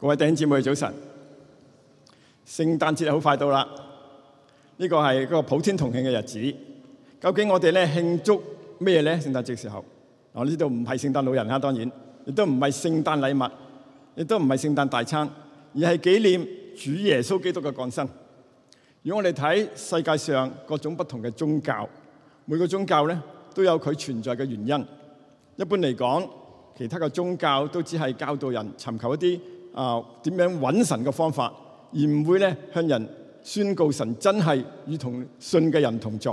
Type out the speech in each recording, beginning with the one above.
各位弟兄姊妹早晨，聖誕節好快到啦！呢個係個普天同慶嘅日子。究竟我哋咧慶祝咩咧？聖誕節時候，我呢度唔係聖誕老人啦，當然亦都唔係聖誕禮物，亦都唔係聖誕大餐，而係紀念主耶穌基督嘅降生。如果我哋睇世界上各種不同嘅宗教，每個宗教咧都有佢存在嘅原因。一般嚟講，其他嘅宗教都只係教導人尋求一啲。啊，點樣揾神嘅方法，而唔會咧向人宣告神真係與同信嘅人同在。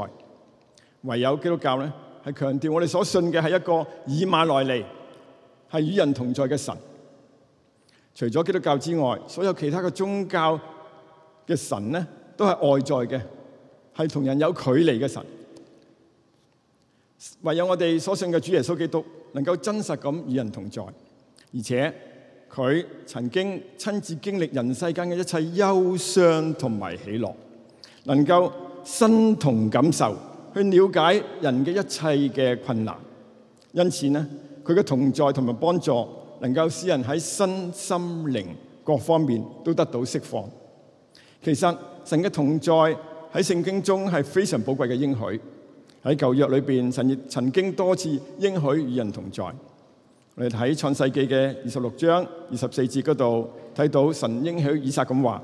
唯有基督教咧，係強調我哋所信嘅係一個以馬內利，係與人同在嘅神。除咗基督教之外，所有其他嘅宗教嘅神咧，都係外在嘅，係同人有距離嘅神。唯有我哋所信嘅主耶穌基督，能夠真實咁與人同在，而且。佢曾經親自經歷人世間嘅一切憂傷同埋喜樂，能夠身同感受，去了解人嘅一切嘅困難。因此呢，佢嘅同在同埋幫助，能夠使人喺身心靈各方面都得到釋放。其實神嘅同在喺聖經中係非常寶貴嘅應許，喺舊約裏邊，神亦曾經多次應許與人同在。我哋喺創世記嘅二十六章二十四節嗰度睇到神應許以撒咁話：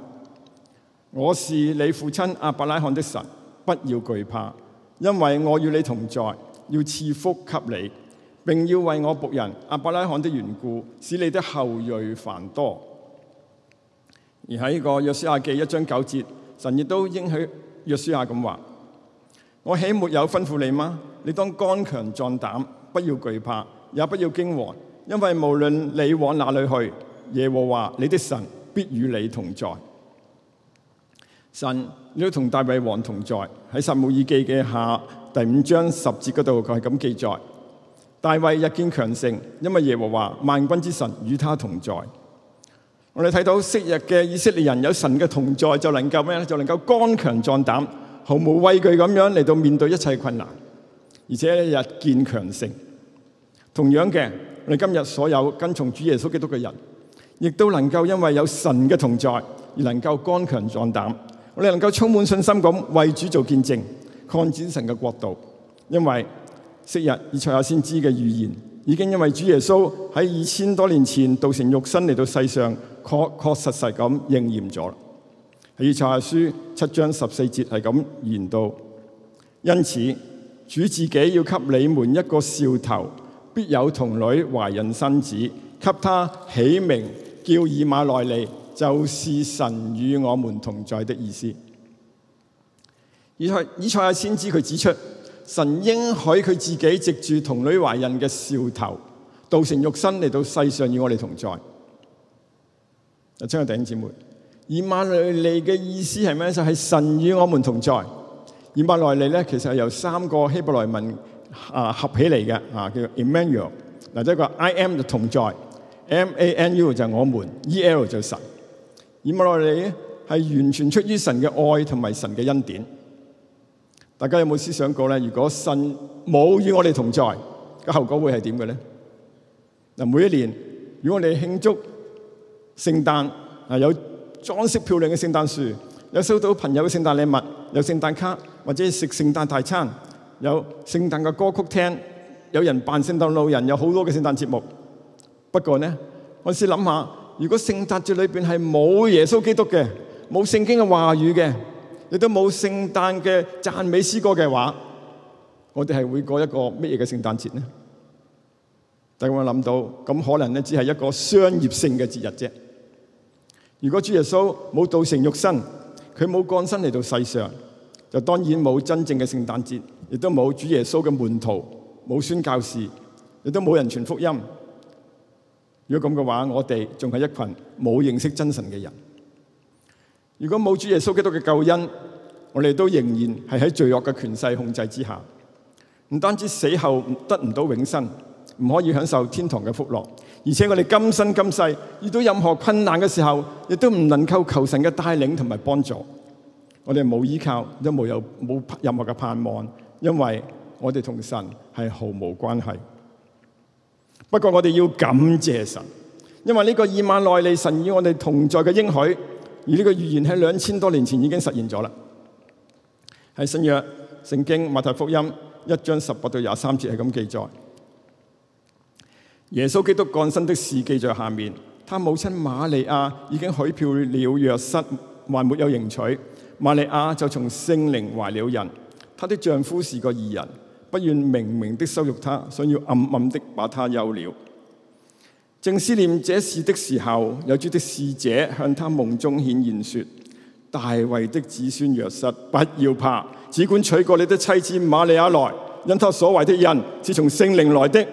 「我是你父親阿伯拉罕的神，不要懼怕，因為我與你同在，要賜福給你，並要為我僕人阿伯拉罕的緣故，使你的後裔繁多。」而喺呢個約書亞記一章九節，神亦都應許約書亞咁話：「我豈沒有吩咐你嗎？你當剛強壯膽，不要懼怕。也不要驚惶，因為無論你往哪裏去，耶和華你的神必與你同在。神，你都同大衛王同在。喺撒母耳記嘅下第五章十節嗰度，佢係咁記載：大衛日見強盛，因為耶和華萬軍之神與他同在。我哋睇到昔日嘅以色列人有神嘅同在就，就能夠咩？就能夠剛強壯膽，毫無畏懼咁樣嚟到面對一切困難，而且日見強盛。同樣嘅，我哋今日所有跟從主耶穌基督嘅人，亦都能夠因為有神嘅同在而能夠剛強壯膽，我哋能夠充滿信心咁為主做見證，擴展神嘅國度。因為昔日以賽亞先知嘅預言已經因為主耶穌喺二千多年前道成肉身嚟到世上，確確實實咁應驗咗。喺《以賽亞書》七章十四節係咁言道：因此主自己要給你們一個兆頭。必有童女懷孕生子，給他起名叫以馬內利，就是神與我們同在的意思。以賽以賽亞先知佢指出，神應許佢自己藉住童女懷孕嘅兆頭，道成肉身嚟到世上與我哋同在。阿，親愛的弟兄姊妹，以馬內利嘅意思係咩？就係、是、神與我們同在。以馬內利咧，其實係由三個希伯來文。啊，合起嚟嘅啊，叫 Immanuel，嗱，即係個 I M 就同在，M A N U 就我們，E L 就是神。以馬內利咧，係完全出於神嘅愛同埋神嘅恩典。大家有冇思想過咧？如果神冇與我哋同在，個後果會係點嘅咧？嗱，每一年如果我哋慶祝聖誕，啊有裝飾漂亮嘅聖誕樹，有收到朋友嘅聖誕禮物，有聖誕卡，或者食聖誕大餐。有聖誕嘅歌曲聽，有人扮聖誕老人，有好多嘅聖誕節目。不過呢，我試諗下，如果聖誕節裏邊係冇耶穌基督嘅，冇聖經嘅話語嘅，亦都冇聖誕嘅讚美詩歌嘅話，我哋係會過一個乜嘢嘅聖誕節呢？但我諗到，咁可能呢只係一個商業性嘅節日啫。如果主耶穌冇道成肉身，佢冇降生嚟到世上，就當然冇真正嘅聖誕節。亦都冇主耶穌嘅門徒，冇宣教士，亦都冇人傳福音。如果咁嘅話，我哋仲係一群冇認識真神嘅人。如果冇主耶穌基督嘅救恩，我哋都仍然係喺罪惡嘅權勢控制之下。唔單止死後得唔到永生，唔可以享受天堂嘅福樂，而且我哋今生今世遇到任何困難嘅時候，亦都唔能夠求神嘅帶領同埋幫助。我哋冇依靠，都冇有冇任何嘅盼望。因為我哋同神係毫無關係，不過我哋要感謝神，因為呢個以馬內利神與我哋同在嘅應許，而呢個預言喺兩千多年前已經實現咗啦。喺新約聖經馬太福音一章十八到廿三節係咁記載：耶穌基督降生的事記在下面，他母親馬利亞已經許票了約瑟，還沒有迎娶，馬利亞就從聖靈懷了孕她的丈夫是個義人，不願明明的羞辱她，想要暗暗的把她休了。正思念這事的時候，有主的使者向她夢中顯現說：大衛的子孫約瑟，不要怕，只管娶過你的妻子瑪利亞來，因她所懷的孕是從聖靈來的。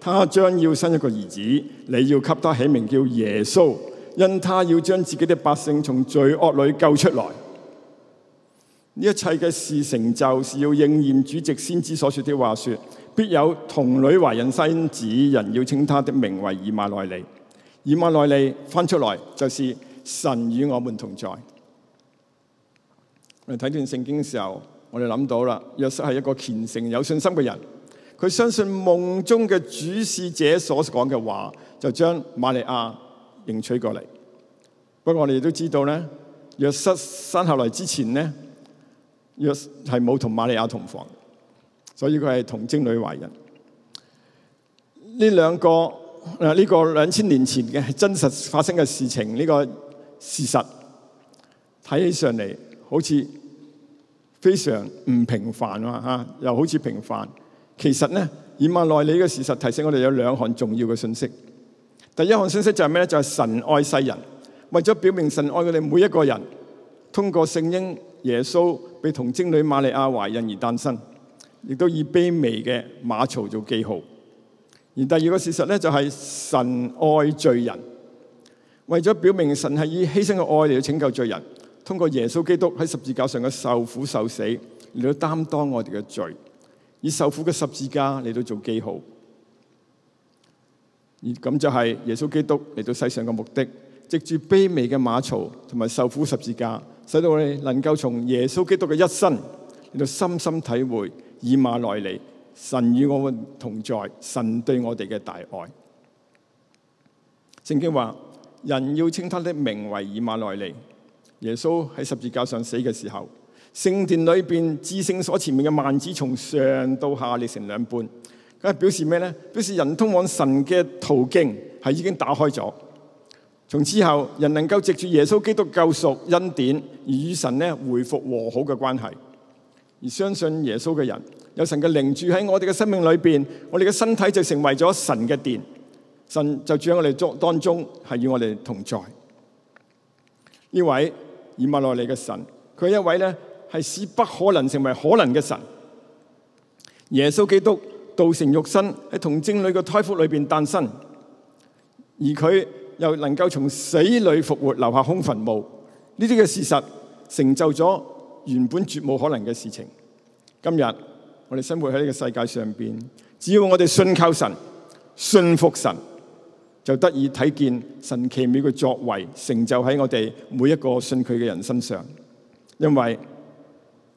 她將要生一個兒子，你要給他起名叫耶穌，因他要將自己的百姓從罪惡裏救出來。呢一切嘅事成就是要應驗主席先知所說的話，說，必有童女懷孕生子，人要稱他的名為以馬內利。以馬內利翻出來就是神與我們同在。我哋睇段聖經嘅時候，我哋諗到啦，若瑟係一個虔誠有信心嘅人，佢相信夢中嘅主使者所講嘅話，就將瑪利亞迎娶過嚟。不過我哋都知道呢，若瑟生下來之前呢。若係冇同瑪利亞同房，所以佢係同精女懷孕。呢兩個啊，呢、這個兩千年前嘅真實發生嘅事情，呢、這個事實睇起上嚟好似非常唔平凡啊！嚇，又好似平凡。其實呢，以馬內利嘅事實提醒我哋有兩項重要嘅信息。第一項信息就係咩咧？就係、是、神愛世人，為咗表明神愛佢哋每一個人，通過聖嬰。耶穌被同貞女瑪利亞懷孕而誕生，亦都以卑微嘅馬槽做記號。而第二個事實呢，就係神愛罪人，為咗表明神係以犧牲嘅愛嚟到拯救罪人。通過耶穌基督喺十字架上嘅受苦受死嚟到擔當我哋嘅罪，以受苦嘅十字架嚟到做記號。而咁就係耶穌基督嚟到世上嘅目的，藉住卑微嘅馬槽同埋受苦十字架。使到我哋能夠從耶穌基督嘅一生，嚟到深深體會以馬內利，神與我們同在，神對我哋嘅大愛。聖經話，人要稱他的名為以馬內利。耶穌喺十字架上死嘅時候，聖殿裏邊至聖所前面嘅幔子從上到下裂成兩半，咁係表示咩呢？表示人通往神嘅途徑係已經打開咗。從之後，人能夠藉住耶穌基督救贖恩典，而與神呢恢復和好嘅關係。而相信耶穌嘅人，有神嘅靈住喺我哋嘅生命裏邊，我哋嘅身體就成為咗神嘅殿，神就住喺我哋中當中，係與我哋同在。呢位以馬內利嘅神，佢係一位呢，係使不可能成為可能嘅神。耶穌基督道成肉身喺童貞女嘅胎腹裏邊誕生，而佢，又能夠從死裏復活，留下空墳墓，呢啲嘅事實成就咗原本絕冇可能嘅事情。今日我哋生活喺呢個世界上邊，只要我哋信靠神、信服神，就得以睇見神奇妙嘅作為成就喺我哋每一個信佢嘅人身上。因為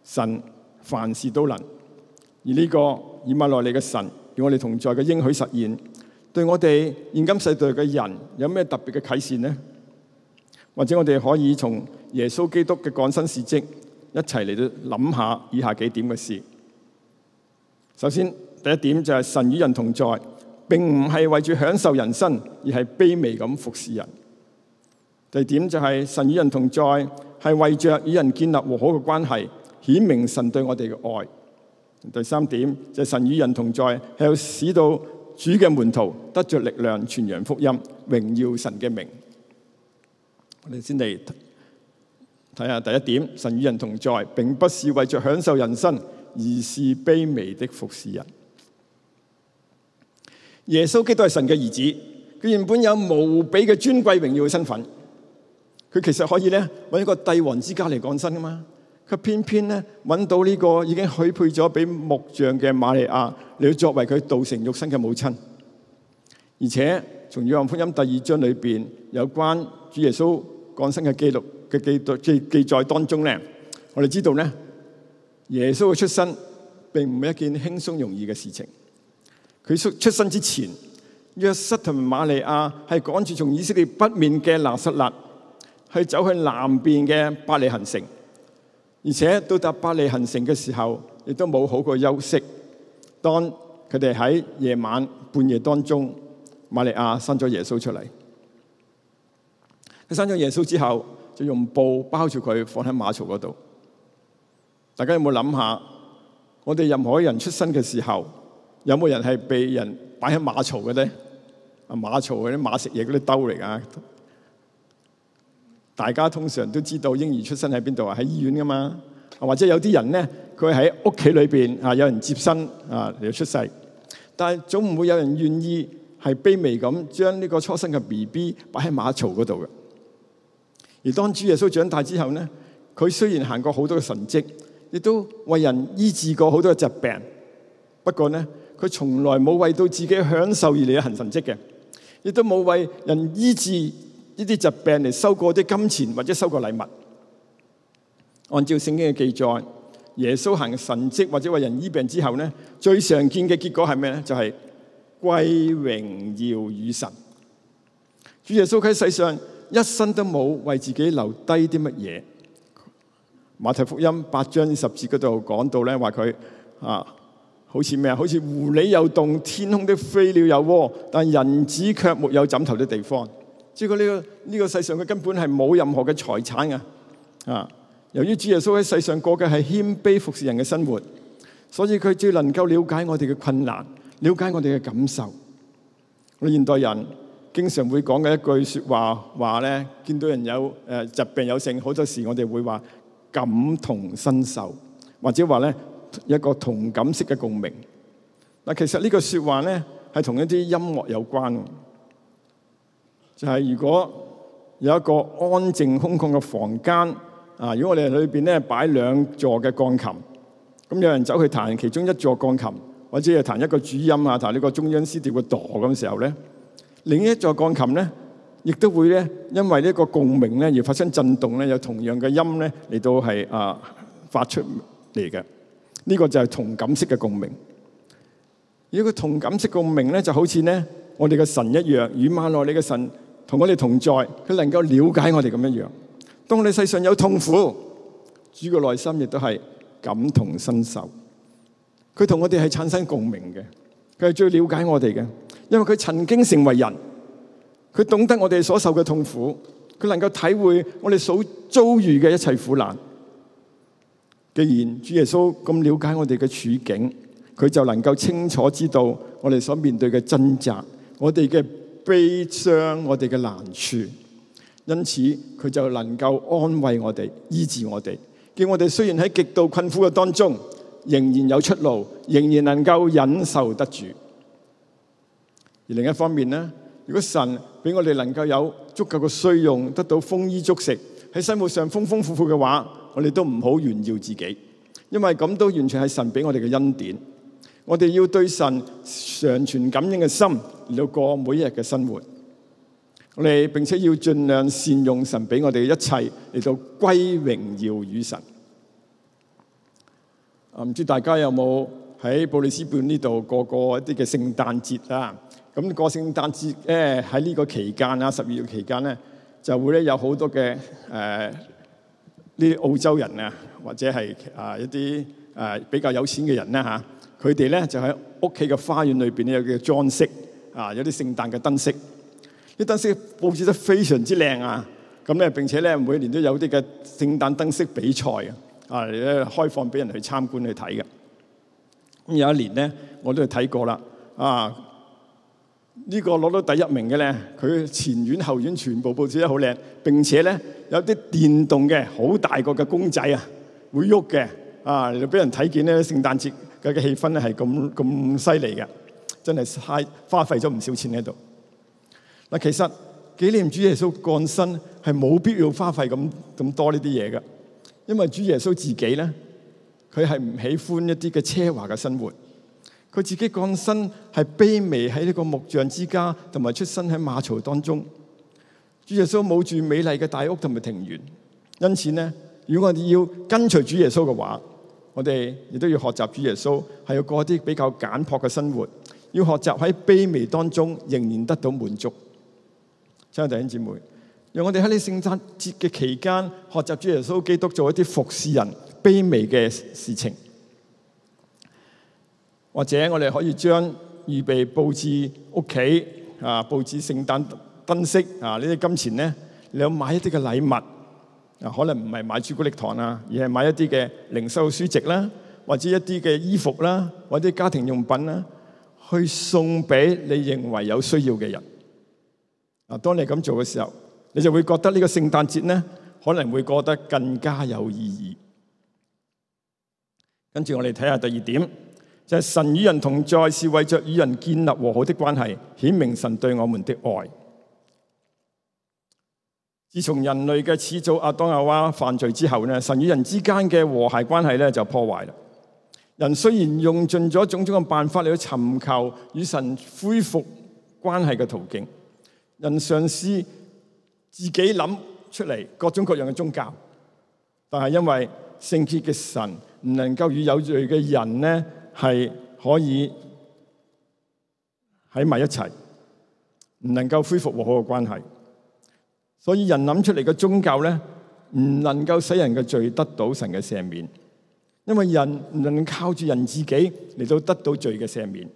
神凡事都能，而呢個以馬內利嘅神與我哋同在嘅應許實現。對我哋現今世代嘅人有咩特別嘅啟示呢？或者我哋可以從耶穌基督嘅降生事跡一齊嚟到諗下以下幾點嘅事。首先，第一點就係神與人同在，並唔係為住享受人生，而係卑微咁服侍人。第二點就係神與人同在係為着與人建立和好嘅關係，顯明神對我哋嘅愛。第三點就係神與人同在係要使到。主嘅門徒得着力量，傳揚福音，榮耀神嘅名。我哋先嚟睇下第一點，神與人同在，並不是為着享受人生，而是卑微的服侍人。耶穌基督係神嘅兒子，佢原本有無比嘅尊貴榮耀嘅身份，佢其實可以咧揾一個帝王之家嚟降生噶嘛。佢偏偏咧揾到呢個已經許配咗俾木匠嘅瑪利亞嚟，作為佢道成肉身嘅母親，而且從《約翰福音》第二章裏邊有關主耶穌降生嘅記錄嘅記記記載當中咧，我哋知道咧，耶穌嘅出生並唔係一件輕鬆容易嘅事情。佢出出生之前，約瑟同瑪利亞係趕住從以色列北面嘅納撒勒去走去南邊嘅伯利恆城。而且到達伯利恆城嘅時候，亦都冇好過休息。當佢哋喺夜晚半夜當中，瑪利亞生咗耶穌出嚟。佢生咗耶穌之後，就用布包住佢，放喺馬槽嗰度。大家有冇諗下？我哋任何人出生嘅時候，有冇人係被人擺喺馬槽嘅咧？啊，馬槽嗰啲馬食嘢嗰啲兜嚟㗎！大家通常都知道嬰兒出生喺邊度啊？喺醫院噶嘛，啊？或者有啲人咧，佢喺屋企裏邊啊，有人接生啊嚟到出世。但係總唔會有人願意係卑微咁將呢個初生嘅 BB 擺喺馬槽嗰度嘅。而當主耶穌長大之後咧，佢雖然行過好多嘅神蹟，亦都為人醫治過好多嘅疾病。不過咧，佢從來冇為到自己享受而嚟嘅行神蹟嘅，亦都冇為人醫治。呢啲疾病嚟，收過啲金錢或者收過禮物。按照聖經嘅記載，耶穌行神蹟或者為人醫病之後呢，最常見嘅結果係咩咧？就係、是、歸榮耀與神。主耶穌喺世上一生都冇為自己留低啲乜嘢。馬太福音八章十節嗰度講到呢，話佢啊，好似咩啊？好似狐狸有洞，天空的飛鳥有窩，但人子卻沒有枕頭的地方。知佢呢個呢、這個世上佢根本係冇任何嘅財產噶，啊！由於主耶穌喺世上過嘅係謙卑服侍人嘅生活，所以佢只能夠了解我哋嘅困難，了解我哋嘅感受。我哋現代人經常會講嘅一句說話，話咧，見到人有誒、呃、疾病有性，好多時我哋會話感同身受，或者話咧一個同感式嘅共鳴。嗱、啊，其實呢個說話咧係同一啲音樂有關。就係、是、如果有一個安靜空曠嘅房間，啊，如果我哋裏邊咧擺兩座嘅鋼琴，咁有人走去彈其中一座鋼琴，或者係彈一個主音啊，彈呢個中央 C 調嘅度咁時候咧，另一座鋼琴咧，亦都會咧因為呢個共鳴咧而發生震動咧，有同樣嘅音咧嚟到係啊發出嚟嘅。呢、這個就係同感式嘅共鳴。如果個同感式共鳴咧，就好似咧我哋嘅神一樣，以馬內利嘅神，同我哋同在，佢能夠了解我哋咁一樣。當我哋世上有痛苦，主嘅內心亦都係感同身受。佢同我哋係產生共鳴嘅，佢係最了解我哋嘅，因為佢曾經成為人，佢懂得我哋所受嘅痛苦，佢能夠體會我哋所遭遇嘅一切苦難。既然主耶穌咁了解我哋嘅處境，佢就能夠清楚知道我哋所面對嘅掙扎，我哋嘅。悲傷我哋嘅難處，因此佢就能夠安慰我哋、醫治我哋，叫我哋雖然喺極度困苦嘅當中，仍然有出路，仍然能夠忍受得住。而另一方面呢，如果神俾我哋能夠有足夠嘅需用，得到豐衣足食喺生活上豐豐富富嘅話，我哋都唔好炫耀自己，因為咁都完全係神俾我哋嘅恩典。我哋要對神常存感恩嘅心嚟到過每一日嘅生活，我哋並且要盡量善用神俾我哋一切嚟到歸榮耀與神。啊，唔知大家有冇喺布里斯本呢度過過一啲嘅聖誕節啊？咁、那、過、個、聖誕節咧喺呢個期間啊，十二月期間咧就會咧有好多嘅誒，呢、呃、啲澳洲人啊，或者係啊、呃、一啲啊、呃、比較有錢嘅人啦、啊、嚇。佢哋咧就喺屋企嘅花園裏邊咧有嘅裝飾，啊有啲聖誕嘅燈飾，啲燈飾佈置得非常之靚啊！咁咧並且咧每年都有啲嘅聖誕燈飾比賽嘅，啊嚟開放俾人去參觀去睇嘅。咁有一年咧我都係睇過啦，啊呢個攞到第一名嘅咧，佢前院後院全部佈置得好靚，並且咧有啲電動嘅好大個嘅公仔啊會喐嘅，啊嚟俾人睇見咧聖誕節。嘅嘅氣氛咧係咁咁犀利嘅，真係太花費咗唔少錢喺度。嗱，其實紀念主耶穌降生係冇必要花費咁咁多呢啲嘢嘅，因為主耶穌自己咧，佢係唔喜歡一啲嘅奢華嘅生活。佢自己降生係卑微喺呢個木匠之家，同埋出生喺馬槽當中。主耶穌冇住美麗嘅大屋同埋庭園，因此咧，如果我哋要跟隨主耶穌嘅話，我哋亦都要學習主耶穌，係要過一啲比較簡朴嘅生活，要學習喺卑微當中仍然得到滿足。親愛的弟兄姊妹，讓我哋喺呢聖誕節嘅期間，學習主耶穌基督做一啲服侍人、卑微嘅事情，或者我哋可以將預備布置屋企啊、布置聖誕燈飾啊呢啲金錢咧，嚟買一啲嘅禮物。可能唔係買朱古力糖啊，而係買一啲嘅靈修書籍啦，或者一啲嘅衣服啦，或者家庭用品啦，去送俾你認為有需要嘅人。嗱，當你咁做嘅時候，你就會覺得呢個聖誕節呢，可能會過得更加有意義。跟住我哋睇下第二點，就係神與人同在，是為着與人建立和好的關係，顯明神對我們的愛。自從人類嘅始祖阿當阿娃犯罪之後咧，神與人之間嘅和諧關係咧就破壞啦。人雖然用盡咗種種嘅辦法嚟尋求與神恢復關係嘅途徑，人嘗試自己諗出嚟各種各樣嘅宗教，但係因為聖潔嘅神唔能夠與有罪嘅人咧係可以喺埋一齊，唔能夠恢復和好嘅關係。所以人諗出嚟嘅宗教咧，唔能夠使人嘅罪得到神嘅赦免，因為人唔能夠靠住人自己嚟到得到罪嘅赦免，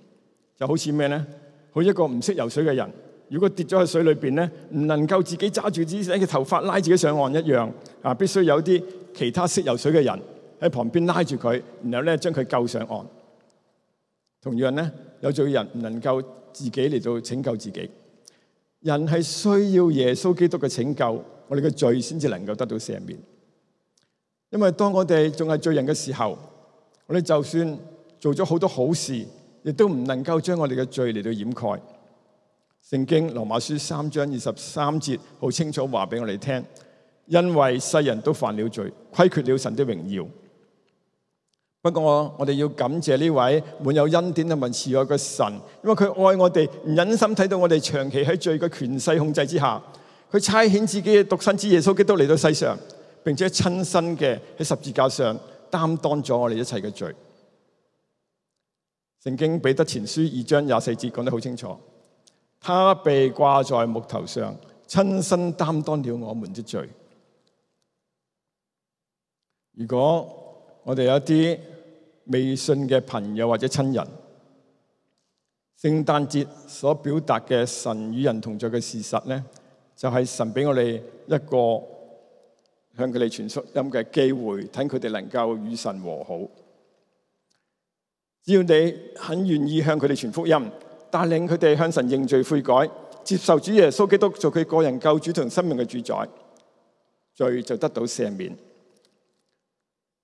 就好似咩咧？好一個唔識游水嘅人，如果跌咗去水裏邊咧，唔能夠自己揸住自己嘅頭髮拉自己上岸一樣，啊，必須有啲其他識游水嘅人喺旁邊拉住佢，然後咧將佢救上岸。同樣咧，有罪人唔能夠自己嚟到拯救自己。人係需要耶穌基督嘅拯救，我哋嘅罪先至能夠得到赦免。因為當我哋仲係罪人嘅時候，我哋就算做咗好多好事，亦都唔能夠將我哋嘅罪嚟到掩蓋。聖經羅馬書三章二十三節好清楚話俾我哋聽，因為世人都犯了罪，虧缺了神的榮耀。不過我哋要感謝呢位滿有恩典同埋慈愛嘅神，因為佢愛我哋，唔忍心睇到我哋長期喺罪嘅權勢控制之下，佢差遣自己嘅獨生子耶穌基督嚟到世上，並且親身嘅喺十字架上擔當咗我哋一切嘅罪。聖經彼得前書二章廿四節講得好清楚，他被掛在木頭上，親身擔當了我們的罪。如果我哋有一啲，未信嘅朋友或者親人，聖誕節所表達嘅神與人同在嘅事實咧，就係、是、神俾我哋一個向佢哋傳福音嘅機會，等佢哋能夠與神和好。只要你肯願意向佢哋傳福音，帶領佢哋向神認罪悔改，接受主耶穌基督做佢個人救主同生命嘅主宰，罪就得到赦免。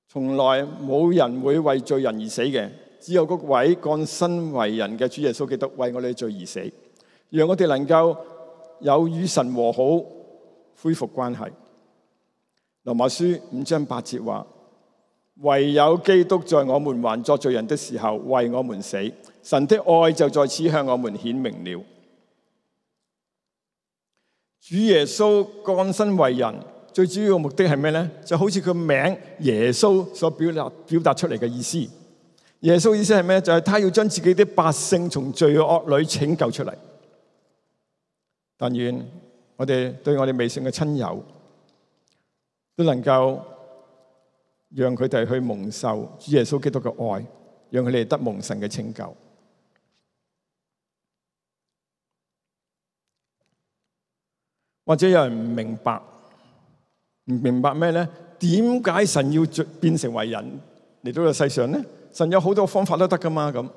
從來冇人會為罪人而死嘅，只有嗰位降身為人嘅主耶穌基督為我哋罪而死，讓我哋能夠有與神和好、恢復關係。羅馬書五章八節話：唯有基督在我們還作罪人的時候為我們死，神的愛就在此向我們顯明了。主耶穌降身為人。最主要嘅目的係咩咧？就好似佢名耶穌所表達表達出嚟嘅意思，耶穌意思係咩？就係他要將自己啲百姓從罪惡裏拯救出嚟。但願我哋對我哋未信嘅親友，都能夠讓佢哋去蒙受主耶穌基督嘅愛，讓佢哋得蒙神嘅拯救。或者有人唔明白。唔明白咩咧？點解神要變成為人嚟到個世上咧？神有好多方法都得噶嘛咁。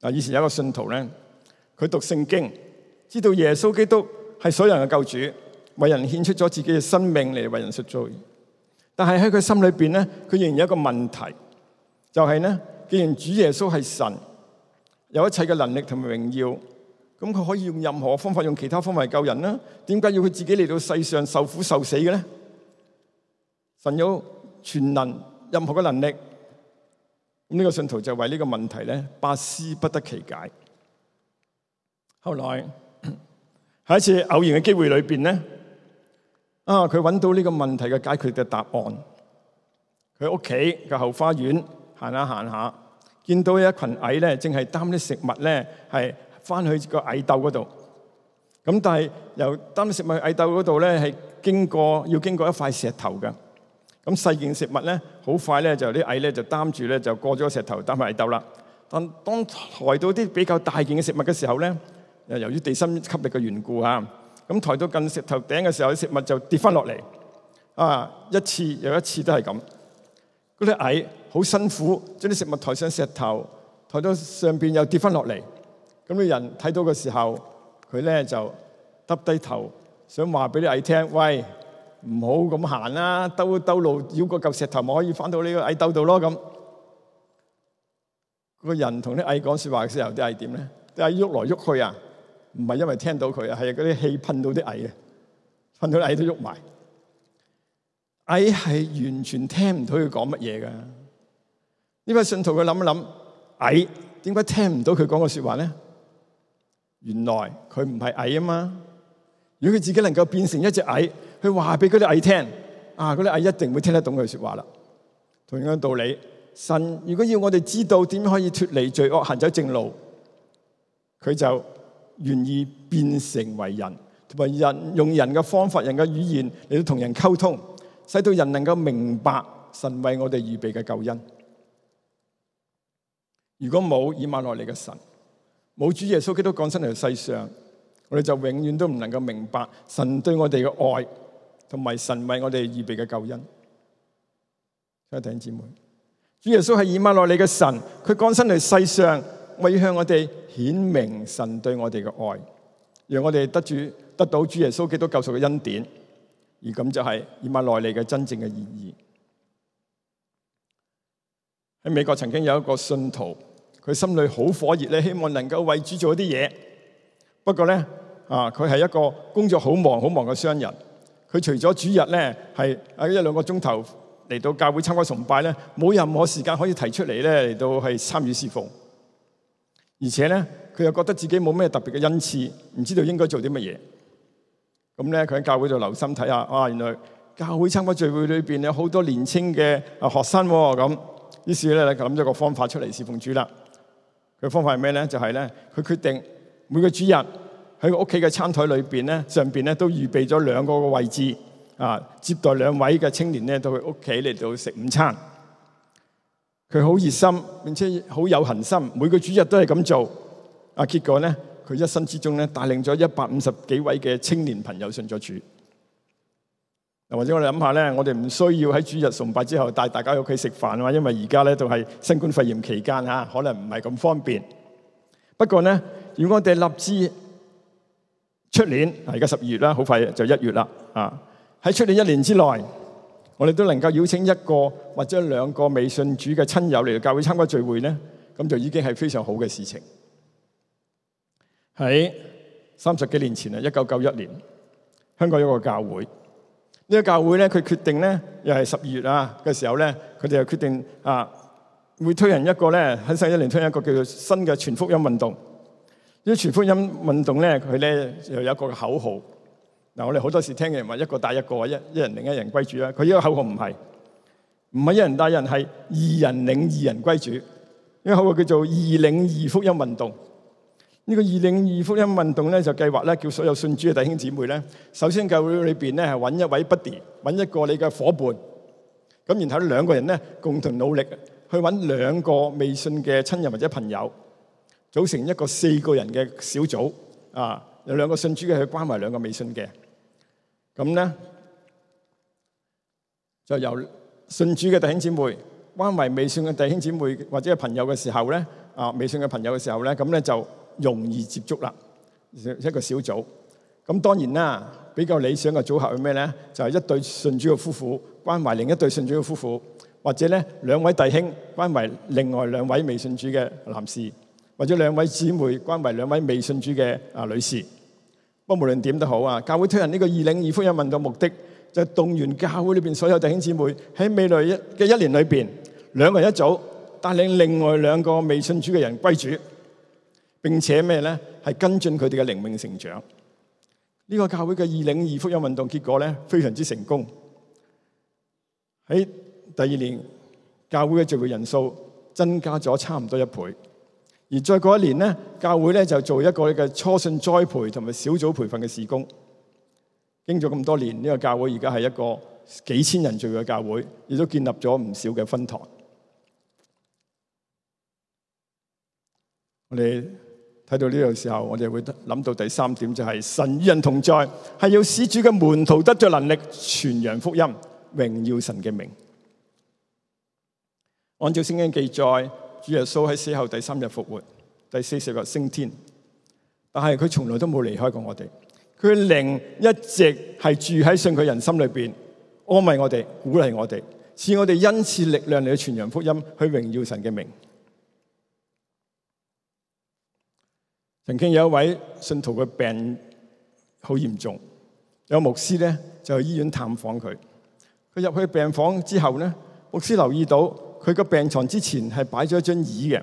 嗱，以前有一個信徒咧，佢讀聖經，知道耶穌基督係所有人嘅救主，為人獻出咗自己嘅生命嚟為人贖罪。但係喺佢心裏邊咧，佢仍然有一個問題，就係咧，既然主耶穌係神，有一切嘅能力同埋榮耀。咁佢可以用任何方法，用其他方法嚟救人呢。點解要佢自己嚟到世上受苦受死嘅咧？神有全能，任何嘅能力。咁呢個信徒就為呢個問題咧百思不得其解。後來喺一次偶然嘅機會裏邊咧，啊，佢揾到呢個問題嘅解決嘅答案。佢喺屋企嘅後花園行下行下，見到有一群蟻咧，正係擔啲食物咧，係。翻去個蟻竇嗰度，咁但係由擔食物去蟻竇嗰度咧，係經過要經過一塊石頭嘅。咁細件食物咧，好快咧就啲蟻咧就擔住咧就過咗個石頭，擔埋蟻竇啦。但當抬到啲比較大件嘅食物嘅時候咧，由於地心吸力嘅緣故嚇，咁抬到近石頭頂嘅時候，啲食物就跌翻落嚟啊！一次又一次都係咁，嗰啲蟻好辛苦將啲食物抬上石頭，抬到上面又跌翻落嚟。咁啲人睇到嘅時候，佢咧就耷低頭，想話俾啲蟻聽：喂，唔好咁行啦，兜兜路繞個嚿石頭咪可以返到呢個蟻竇度咯。咁，個人同啲蟻講説話嘅時候，啲蟻點咧？啲蟻喐來喐去啊，唔係因為聽到佢啊，係嗰啲氣噴到啲蟻啊，噴到啲蟻都喐埋。蟻係完全聽唔到佢講乜嘢噶。呢位信徒佢諗一諗，蟻點解聽唔到佢講個説話咧？原來佢唔係蟻啊嘛！如果佢自己能夠變成一隻蟻，佢話俾嗰啲蟻聽，啊，嗰啲蟻一定會聽得懂佢說話啦。同樣道理，神如果要我哋知道點可以脫離罪惡，行走正路，佢就願意變成為人，同埋人用人嘅方法、人嘅語言嚟到同人溝通，使到人能夠明白神為我哋預備嘅救恩。如果冇以馬內利嘅神。冇主耶穌基督降生嚟世上，我哋就永遠都唔能夠明白神對我哋嘅愛，同埋神為我哋預備嘅救恩。弟兄姊妹，主耶穌係以馬內利嘅神，佢降生嚟世上，為向我哋顯明神對我哋嘅愛，讓我哋得主得到主耶穌基督救贖嘅恩典。而咁就係以馬內利嘅真正嘅意義。喺美國曾經有一個信徒。佢心裏好火熱，咧，希望能夠為主做啲嘢。不過咧，啊佢係一個工作好忙好忙嘅商人。佢除咗主日咧係一兩個鐘頭嚟到教會參加崇拜咧，冇任何時間可以提出嚟咧嚟到係參與侍奉。而且咧，佢又覺得自己冇咩特別嘅恩賜，唔知道應該做啲乜嘢。咁咧，佢喺教會度留心睇下，啊原來教會參加聚會裏面有好多年青嘅啊學生喎、啊、咁。於是咧，就諗咗個方法出嚟侍奉主啦。佢方法係咩咧？就係咧，佢決定每個主日喺個屋企嘅餐台裏邊咧，上邊咧都預備咗兩個嘅位置，啊，接待兩位嘅青年咧到佢屋企嚟到食午餐。佢好熱心，並且好有恒心，每個主日都係咁做。啊，結果咧，佢一生之中咧帶領咗一百五十幾位嘅青年朋友信咗主。或者我哋諗下咧，我哋唔需要喺主日崇拜之後帶大家喺屋企食飯啊嘛，因為而家咧就係新冠肺炎期間吓，可能唔係咁方便。不過咧，如果我哋立志出年啊，而家十二月啦，好快就一月啦啊！喺出年一年之內，我哋都能夠邀請一個或者兩個未信主嘅親友嚟到教會參加聚會咧，咁就已經係非常好嘅事情。喺三十幾年前啊，一九九一年，香港有一個教會。呢個教會咧，佢決定咧，又係十二月啊嘅時候咧，佢哋又決定啊會推行一個咧喺新一年推一個叫做新嘅全福音運動。呢全福音運動咧，佢咧又有一個口號嗱，我哋好多時聽嘅人話，一個帶一個，一一人領一人歸主啊。佢呢個口號唔係唔係一人帶人，係二人領二人歸主。呢個口號叫做二領二福音運動。呢個二零二福音運動咧，就計劃咧，叫所有信主嘅弟兄姊妹咧，首先教會裏邊咧，係揾一位 buddy，揾一個你嘅夥伴，咁然後咧兩個人咧共同努力去揾兩個未信嘅親人或者朋友，組成一個四個人嘅小組，啊，有兩個信主嘅去關懷兩個未信嘅，咁咧就由信主嘅弟兄姊妹關懷未信嘅弟兄姊妹或者係朋友嘅時候咧，啊，未信嘅朋友嘅時候咧，咁咧就。容易接觸啦，一個小組。咁當然啦，比較理想嘅組合係咩呢？就係一對信主嘅夫婦關懷另一對信主嘅夫婦，或者呢兩位弟兄關懷另外兩位未信主嘅男士，或者兩位姊妹關懷兩位未信主嘅啊女士。不過無論點都好啊，教會推行呢個二領二夫有問到目的，就係動員教會裏邊所有弟兄姊妹喺未來一嘅一年裏邊，兩個人一組帶領另外兩個未信主嘅人歸主。並且咩咧？係跟進佢哋嘅靈命成長。呢、這個教會嘅二領二福音運動結果咧，非常之成功。喺第二年，教會嘅聚會人數增加咗差唔多一倍。而再過一年呢，教會咧就做一個嘅初信栽培同埋小組培訓嘅事工。經咗咁多年，呢、這個教會而家係一個幾千人聚會嘅教會，亦都建立咗唔少嘅分堂。我哋。睇到呢個時候，我哋會諗到第三點，就係神與人同在，係要使主嘅門徒得着能力傳揚福音，榮耀神嘅名。按照聖經記載，主耶穌喺死後第三日復活，第四十日升天，但係佢從來都冇離開過我哋，佢靈一直係住喺信佢人心裏邊，安慰我哋，鼓勵我哋，賜我哋恩賜力量嚟去傳揚福音，去榮耀神嘅名。曾經有一位信徒嘅病好嚴重，有一位牧師咧就去醫院探訪佢。佢入去病房之後咧，牧師留意到佢個病床之前係擺咗一張椅嘅，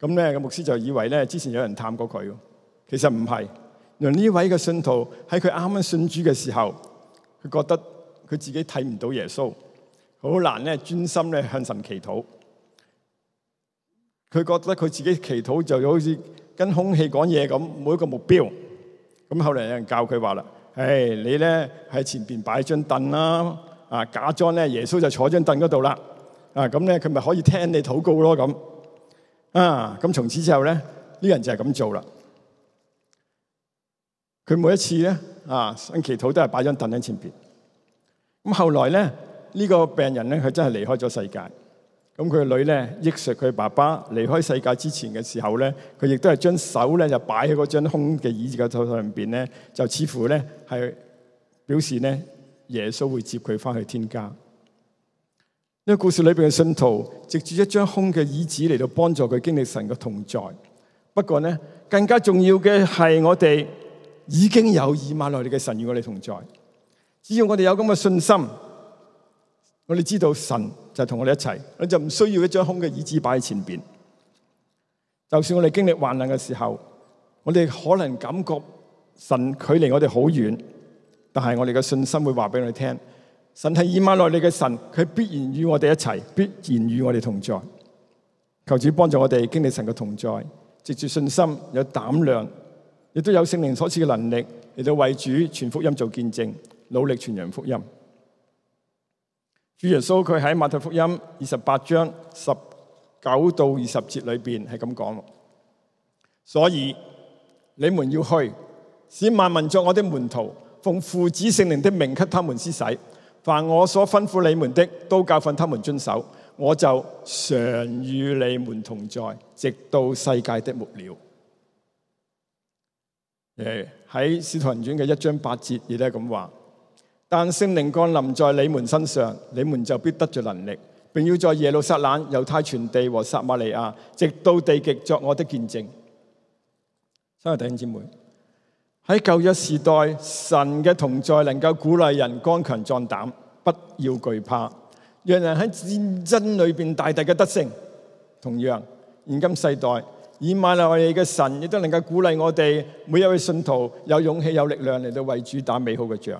咁咧個牧師就以為咧之前有人探過佢，其實唔係。原來呢位嘅信徒喺佢啱啱信主嘅時候，佢覺得佢自己睇唔到耶穌，好難咧專心咧向神祈禱。佢覺得佢自己祈禱就好似～跟空氣講嘢咁，每一個目標。咁後嚟有人教佢話啦，誒，你咧喺前邊擺張凳啦，啊，假裝咧耶穌就坐張凳嗰度啦，啊，咁咧佢咪可以聽你禱告咯咁。啊，咁從此之後咧，呢人就係咁做啦。佢每一次咧，啊，想祈禱都係擺張凳喺前邊。咁後來咧，呢個病人咧，佢真係離開咗世界。咁佢嘅女咧，憶述佢爸爸離開世界之前嘅時候咧，佢亦都係將手咧就擺喺嗰張空嘅椅子嘅頭上邊咧，就似乎咧係表示呢，耶穌會接佢翻去天家。呢、這個故事裏邊嘅信徒藉住一張空嘅椅子嚟到幫助佢經歷神嘅同在。不過呢，更加重要嘅係我哋已經有以馬內利嘅神與我哋同在。只要我哋有咁嘅信心，我哋知道神。就同我哋一齊，我就唔需要一張空嘅椅子擺喺前邊。就算我哋經歷患難嘅時候，我哋可能感覺神距離我哋好遠，但係我哋嘅信心會話俾我哋聽，神係以馬內利嘅神，佢必然與我哋一齊，必然與我哋同在。求主幫助我哋經歷神嘅同在，藉住信心有膽量，亦都有聖靈所賜嘅能力，嚟到為主傳福音做見證，努力傳揚福音。主耶穌佢喺馬太福音二十八章十九到二十節裏邊係咁講，所以你們要去，使萬民作我的門徒，奉父子聖靈的名給他們施洗，凡我所吩咐你們的，都教訓他們遵守，我就常與你們同在，直到世界的末了。誒，喺使徒行傳嘅一章八節亦都係咁話。但聖靈降臨在你們身上，你們就必得著能力，並要在耶路撒冷、猶太全地和撒瑪利亞，直到地極作我的見證。親愛的弟兄姊妹，喺舊約時代，神嘅同在能夠鼓勵人剛強壯膽，不要懼怕，讓人喺戰爭裏邊大大嘅得勝。同樣，現今世代以馬內利嘅神亦都能夠鼓勵我哋每一位信徒有勇氣、有力量嚟到為主打美好嘅仗。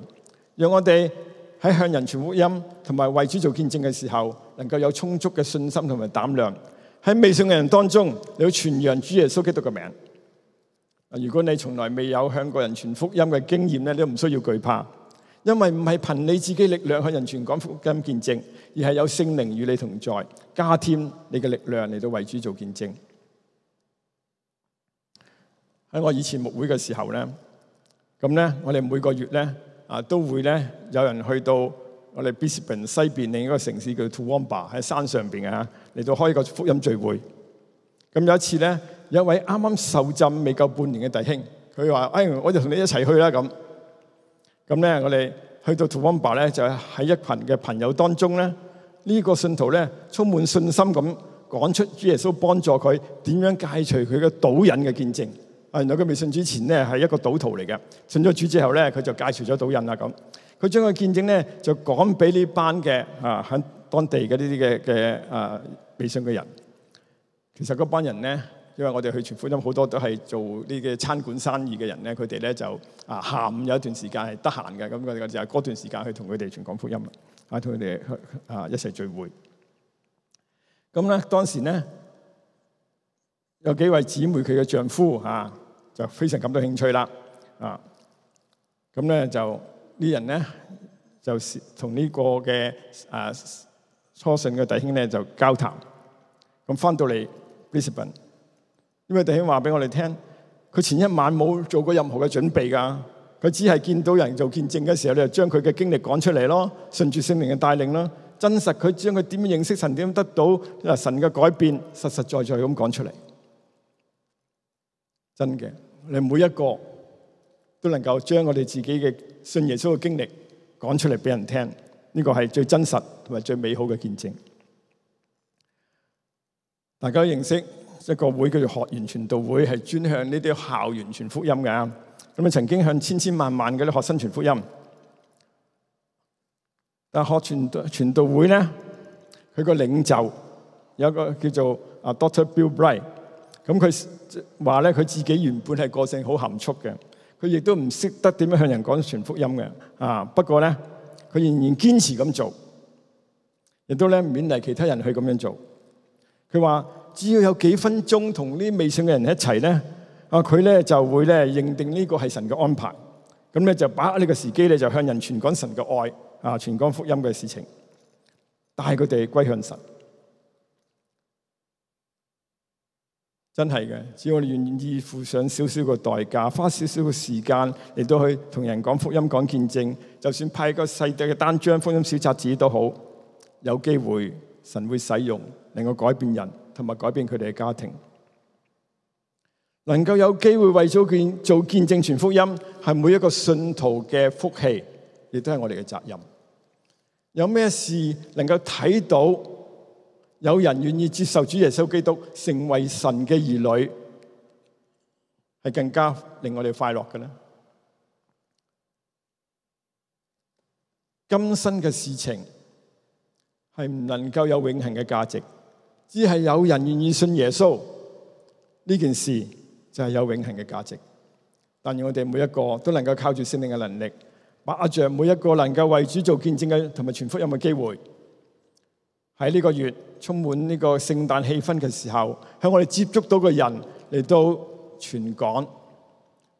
讓我哋喺向人傳福音，同埋為主做見證嘅時候，能夠有充足嘅信心同埋膽量。喺未信嘅人當中，你要傳揚主耶穌基督嘅名。如果你從來未有向個人傳福音嘅經驗咧，你都唔需要懼怕，因為唔係憑你自己力量向人傳講福音見證，而係有聖靈與你同在，加添你嘅力量嚟到為主做見證。喺我以前牧會嘅時候咧，咁咧我哋每個月咧。啊，都會咧有人去到我哋 Brisbane 西邊另一個城市叫 Toowoomba 喺山上邊啊，嚟到開一個福音聚會。咁有一次咧，有一位啱啱受浸未夠半年嘅弟兄，佢話，哎，我就同你一齊去啦咁。咁咧，那我哋去到 Toowoomba 咧，就喺一群嘅朋友當中咧，呢、這個信徒咧充滿信心咁講出主耶穌幫助佢點樣戒除佢嘅賭癮嘅見證。啊！原來佢未信之前咧係一個賭徒嚟嘅，信咗主之後咧，佢就戒除咗賭癮啦咁。佢將個見證咧就講俾呢班嘅啊喺當地嘅呢啲嘅嘅啊未信嘅人。其實嗰班人咧，因為我哋去傳福音好多都係做呢嘅餐館生意嘅人咧，佢哋咧就啊下午有一段時間係得閒嘅，咁我哋就係嗰段時間去同佢哋傳講福音啊同佢哋啊一齊聚會。咁咧當時咧有幾位姊妹佢嘅丈夫啊～就非常感到興趣啦，啊，咁咧就啲人咧，就是同呢個嘅啊初信嘅弟兄咧就交談，咁翻到嚟 Brisbane，因為弟兄話俾我哋聽，佢前一晚冇做過任何嘅準備噶，佢只係見到人做見證嘅時候你就將佢嘅經歷講出嚟咯，順住聖靈嘅帶領咯，真實佢將佢點樣認識神，點樣得到啊神嘅改變，實實在在咁講出嚟。真嘅，你每一個都能夠將我哋自己嘅信耶穌嘅經歷講出嚟俾人聽，呢、這個係最真實同埋最美好嘅見證。大家認識一、這個會叫做學完全道會，係專向呢啲校完全福音嘅。咁啊，曾經向千千萬萬啲呢學生傳福音。但學全全道會咧，佢個領袖有一個叫做阿 Dr. Bill Bright。咁佢話咧，佢自己原本係個性好含蓄嘅，佢亦都唔識得點樣向人講傳福音嘅。啊，不過咧，佢仍然堅持咁做，亦都咧勉勵其他人去咁樣做。佢話只要有幾分鐘同呢啲未信嘅人一齊咧，啊，佢咧就會咧認定呢個係神嘅安排，咁咧就把握呢個時機咧就向人傳講神嘅愛，啊，傳講福音嘅事情，帶佢哋歸向神。真係嘅，只要我哋願意付上少少嘅代價，花少少嘅時間，嚟到去同人講福音，講見證，就算派個細啲嘅單張、福音小冊子都好，有機會神會使用，能夠改變人，同埋改變佢哋嘅家庭，能夠有機會為咗見做見證、傳福音，係每一個信徒嘅福氣，亦都係我哋嘅責任。有咩事能夠睇到？有人願意接受主耶穌基督，成為神嘅兒女，係更加令我哋快樂嘅咧。今生嘅事情係唔能夠有永恒嘅價值，只係有人願意信耶穌呢件事就係有永恒嘅價值。但願我哋每一個都能夠靠住聖靈嘅能力，把握着每一個能夠為主做見證嘅同埋傳福音嘅機會。喺呢個月充滿呢個聖誕氣氛嘅時候，向我哋接觸到嘅人嚟到傳講，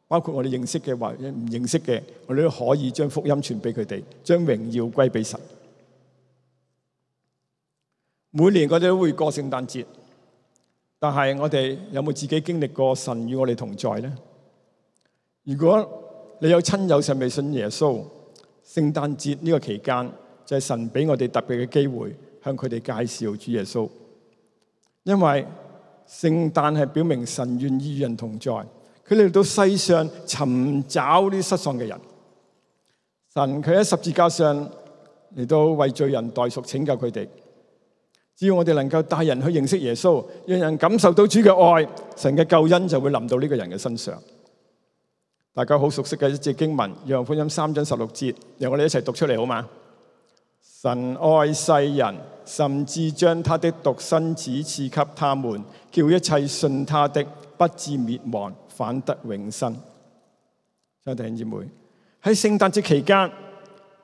包括我哋認識嘅或者唔認識嘅，我哋都可以將福音傳俾佢哋，將榮耀歸俾神。每年我哋都會過聖誕節，但係我哋有冇自己經歷過神與我哋同在呢？如果你有親友尚未信耶穌，聖誕節呢個期間就係神俾我哋特別嘅機會。向佢哋介紹主耶穌，因為聖誕係表明神願意與人同在，佢嚟到世上尋找啲失喪嘅人。神佢喺十字架上嚟到為罪人代贖，拯救佢哋。只要我哋能夠帶人去認識耶穌，讓人感受到主嘅愛，神嘅救恩就會臨到呢個人嘅身上。大家好熟悉嘅一節經文，約翰福音三章十六節，由我哋一齊讀出嚟好嗎？神愛世人。甚至將他的獨生子賜給他們，叫一切信他的，不至滅亡，反得永生。弟兄姊妹，喺聖誕節期間，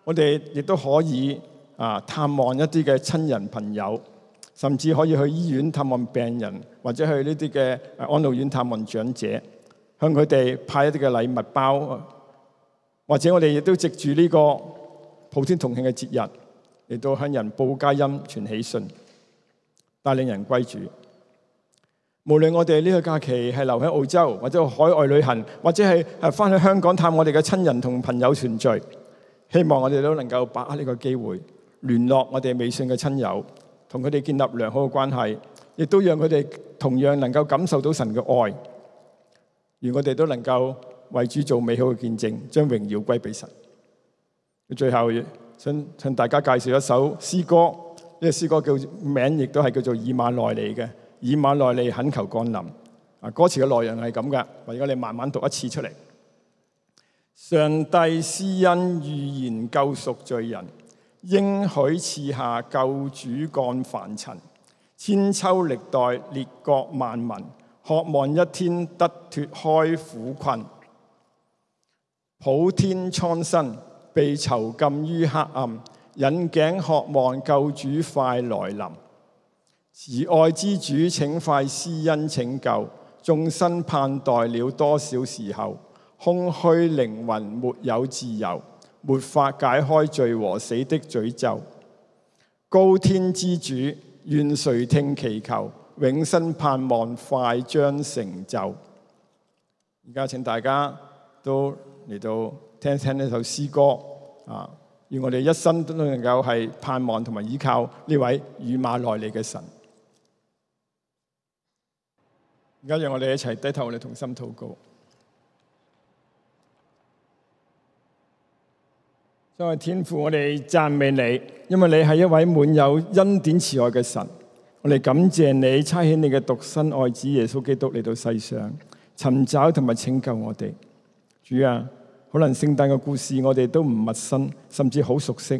我哋亦都可以啊探望一啲嘅親人朋友，甚至可以去醫院探望病人，或者去呢啲嘅安老院探望長者，向佢哋派一啲嘅禮物包，或者我哋亦都藉住呢個普天同慶嘅節日。亦都向人報佳音、傳喜訊，帶領人歸主。無論我哋呢個假期係留喺澳洲，或者去海外旅行，或者係誒翻去香港探我哋嘅親人同朋友團聚，希望我哋都能夠把握呢個機會，聯絡我哋未信嘅親友，同佢哋建立良好嘅關係，亦都讓佢哋同樣能夠感受到神嘅愛。願我哋都能夠為主做美好嘅見證，將榮耀歸俾神。最最後嘅嘢。想向大家介紹一首詩歌，呢、這個詩歌叫名，亦都係叫做《以馬內利》嘅，《以馬內利》懇求降臨。啊，歌詞嘅內容係咁嘅，我而家你慢慢讀一次出嚟。上帝施恩預言救贖罪人，應許賜下救主降凡塵。千秋歷代列國萬民，渴望一天得脫開苦困，普天蒼生。被囚禁於黑暗，引頸渴望救主快來臨。慈愛之主，請快施恩拯救，眾生盼待了多少時候？空虛靈魂沒有自由，沒法解開罪和死的詛咒。高天之主，願垂聽祈求，永生盼望快將成就。而家請大家都嚟到聽聽呢首詩歌。啊！願我哋一生都能夠係盼望同埋依靠呢位以馬內利嘅神。而家讓我哋一齊低頭，我哋同心禱告。因為天父，我哋讚美你，因為你係一位滿有恩典慈愛嘅神。我哋感謝你差遣你嘅獨生愛子耶穌基督嚟到世上尋找同埋拯救我哋。主啊！可能聖誕嘅故事我哋都唔陌生，甚至好熟悉。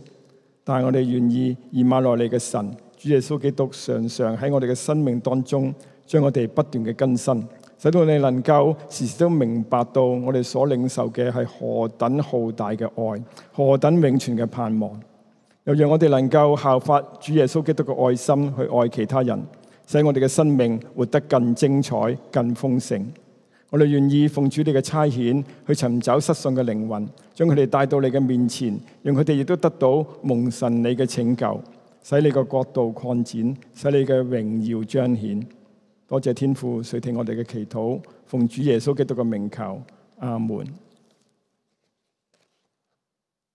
但係我哋願意，以馬內利嘅神，主耶穌基督，常常喺我哋嘅生命當中，將我哋不斷嘅更新，使到你能夠時時都明白到我哋所領受嘅係何等浩大嘅愛，何等永存嘅盼望。又讓我哋能夠效法主耶穌基督嘅愛心，去愛其他人，使我哋嘅生命活得更精彩、更豐盛。我哋願意奉主你嘅差遣，去尋找失喪嘅靈魂，將佢哋帶到你嘅面前，讓佢哋亦都得到蒙神你嘅拯救，使你嘅國度擴展，使你嘅榮耀彰顯。多謝天父垂聽我哋嘅祈禱，奉主耶穌基督嘅名求，阿門。